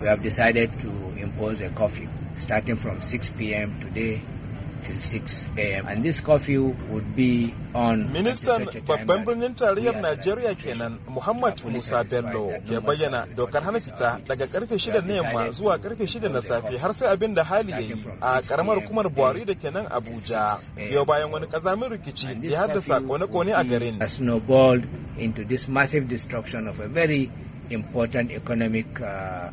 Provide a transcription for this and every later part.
We have decided to impose a curfew starting from 6 p.m. today till 6 a.m. and this curfew would be on Ministan babban birnin tarayyar Najeriya kenan Muhammad Musa Bello ya bayyana dokar hana fita daga karfe 6 na yamma zuwa karfe 6 na safe har sai abin da hali ya yi a karamar hukumar Buhari da kenan Abuja Yau bayan wani kazamin rikici ya haddasa kone-kone a garin. Snowballed into this massive destruction of a very important economic uh,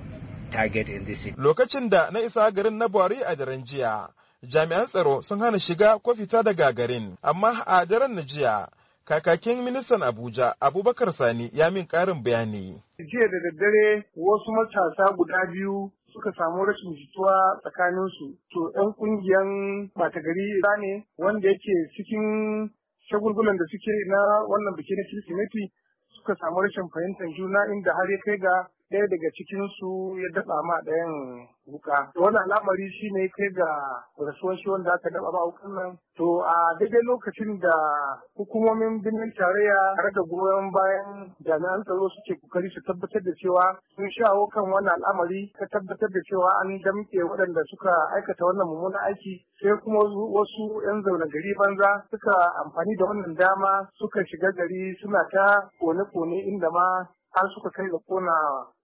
target in this city. Lokacin da na isa garin na Buhari a daren jiya, jami'an tsaro sun hana shiga ko fita daga garin, amma a daren na jiya kakakin ministan Abuja Abubakar Sani ya min karin bayani. Jiya da daddare wasu matasa guda biyu suka samu rashin jituwa tsakaninsu. To 'yan kungiyan za ne wanda yake cikin shagulgulan da suke na wannan biki na Kirsimeti suka samu rashin fahimtar juna inda har ya kai ga ɗaya daga cikinsu ya dafa ma ɗayan wuka. Wani al'amari shi ne kai ga rasuwar shi wanda aka daɓa ba wukan nan. To a daidai lokacin da hukumomin birnin tarayya tare da goyon bayan jami'an tsaro suke kokari su tabbatar da cewa sun shawo kan wani al'amari ka tabbatar da cewa an damke waɗanda suka aikata wannan mummunan aiki sai kuma wasu 'yan zaune gari banza suka amfani da wannan dama suka shiga gari suna ta kone-kone inda ma har suka kai ga kona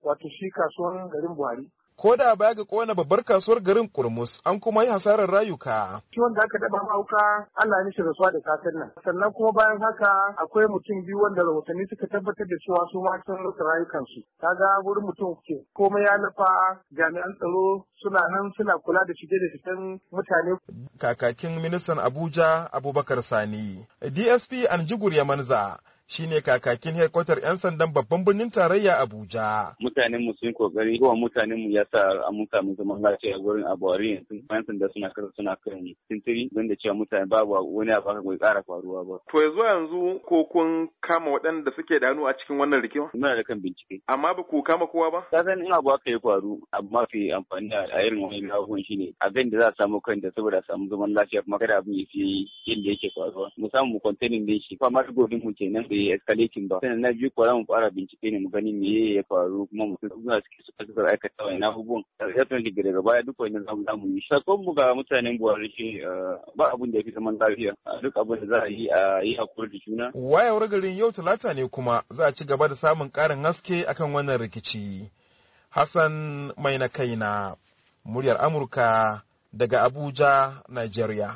wato shi kasuwar garin Buhari. Ko da baya ga kona babbar kasuwar garin Kurmus an kuma yi hasarar rayuka. Shi wanda aka daba mauka Allah ne shi rasuwa da safen nan. Sannan kuma bayan haka akwai mutum biyu wanda rahotanni suka tabbatar da cewa su ma sun rasa rayukansu. ga wurin mutum ke komai ya nufa jami'an tsaro suna nan suna kula da shige da fitan mutane. Kakakin ministan Abuja Abubakar Sani. DSP Anjigur Yamanza shine kakakin headquarter 'yan sandan babban birnin tarayya Abuja. Mutanen mu sun kokari kuma mutanen mu ya sa mun samu zaman lafiya gurin abuwari yanzu yan sanda suna kasa suna kan sintiri don da cewa mutane babu wani abu haka bai kara faruwa ba. To yanzu yanzu ko kun kama waɗanda suke da hannu a cikin wannan rikima? Muna da kan bincike. Amma ba ku kama kowa ba? Ka san in abu haka ya faru amma fi amfani a irin wani abubuwan shine abin da za a samu kan da saboda samu zaman lafiya kuma kada abin ya fi yadda yake faruwa. Mu samu mu kwantainin da shi kuma gobin mu kenan bai escalating ba sannan na biyu kwara mu fara bincike ne mu gani me ya faru kuma mutum suna suke suka suka aikata wa ina abubuwan definitely daga baya duk wani zamu zamu yi sakon mu ga mutanen Buhari shi eh, ba abun da ya fi zaman lafiya duk abun da za a yi a yi hakuri da juna wayewar garin yau talata ne kuma za a ci gaba da samun karin haske akan wannan rikici Hassan mai na kaina muryar Amurka daga Abuja, Najeriya.